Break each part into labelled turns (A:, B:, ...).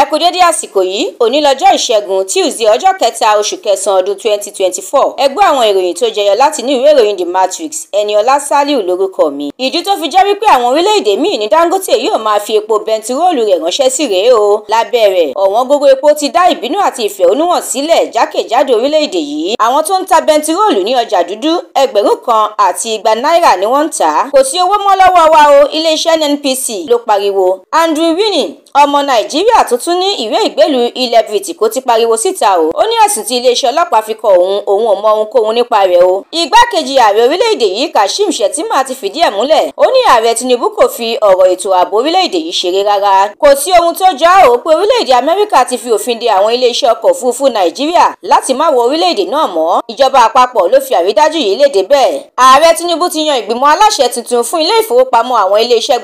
A: ẹ kú dédé àsìkò yìí òní lọ́jọ́ ìṣẹ́gun tuesday ọjọ́ kẹta oṣù kẹsàn-án ọdún 2024 ẹ gbọ́ àwọn ìròyìn tó jẹyọ láti ní ìwé ìròyìn the matrix ẹniọlá saliu lórúkọ mi. ìdí tó fi jẹ́ wípé àwọn orílẹ̀-èdè míì ní dangote yóò máa fi epo bẹntiróòlù rẹ̀ ránṣẹ́ sí rèé o lábẹ́rẹ̀ ọ̀wọ́n gógó epo ti dá ìbínú àti ìfẹ̀hónúhàn sílẹ̀ jákèjádò orílẹ̀-èdè yìí àwọn tó ń ta bẹntiróòlù ní ọjà dúdú ni wọ́n ń tà á kò sí owó mọ́ lọ́wọ́ Andrew Winning ọmọ nàìjíríà tó tún ní ìwé ìgbélùú ilẹ̀ britain kò ti pariwo síta o ó ní ẹ̀sùn tí iléeṣẹ́ ọlọ́pàá fi kọ òun òun ò mọ ohunkóhun nípa rẹ̀ o igbákejì ààrẹ orílẹ̀-èdè yìí kashim shettima ti fìdí ẹ̀ múlẹ̀ ó ní ààrẹ tinubu kò fi ọ̀rọ̀ ètò ààbò orílẹ̀-èdè yìí ṣeré rárá kò sí ohun tó jọ ọ́ pé orílẹ̀-èdè amẹ́ríkà ti fi òfin de àwọn iléeṣẹ́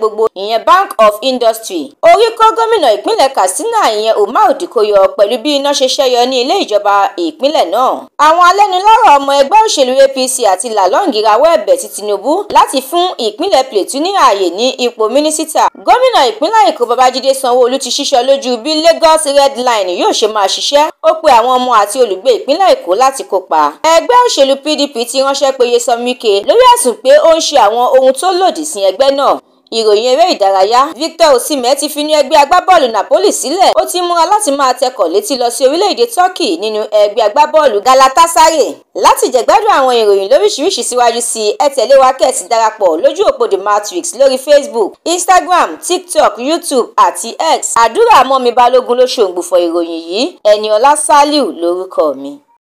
A: ọkọ̀ bank of industry orí gómìnà ìpínlẹ̀ katsina ìyẹn umar dikoyo pẹ̀lú bí iná ṣe ṣẹ́yọ ní ilé ìjọba ìpínlẹ̀ náà. àwọn alẹ́nulọ́rọ̀ ọmọ ẹgbẹ́ òṣèlú apc àti lalong rawọ́ ẹ̀bẹ̀ sí tinubu láti fún ìpínlẹ̀ plateau ní ààyè ní ipò mínísítà. gómìnà ìpínlẹ̀ èkó babájídé sanwó-olu ti ṣíṣọ lójú bí lagos red line yóò ṣe máa ṣiṣẹ́ ó pe àwọn ọmọ àti olùgbé ìpínlẹ̀ èkó láti kópa. ẹgbẹ́ òṣèlú pdp ti ránṣẹ́ pé Nyesom Wike lórí ẹ̀sùn pé ó ń ṣe àwọn ohun tó lòdì sí ẹgbẹ́ náà ìròyìn eré ìdárayá Victor Osimhen ti fi inú ẹgbẹ́ agbábọ́ọ̀lù Napoli sílẹ̀ ó ti múra láti máa tẹkọ̀ létí lọ sí orílẹ̀-èdè Turkey nínú ẹgbẹ́ agbábọ́ọ̀lù Galatasaray láti jẹ̀gbádùn àwọn ìròyìn lóríṣiríṣi síwájú sí ẹ tẹ̀lé wa kẹ́ẹ̀sì darapọ̀ lójú òpó Matrix lórí Facebook Instagram TikTok YouTube àti X àdúrà mọ́mi balógun ló ṣòǹgbù fọ ìròyìn yìí Ẹniọlá Sálíù lórúkọ mi.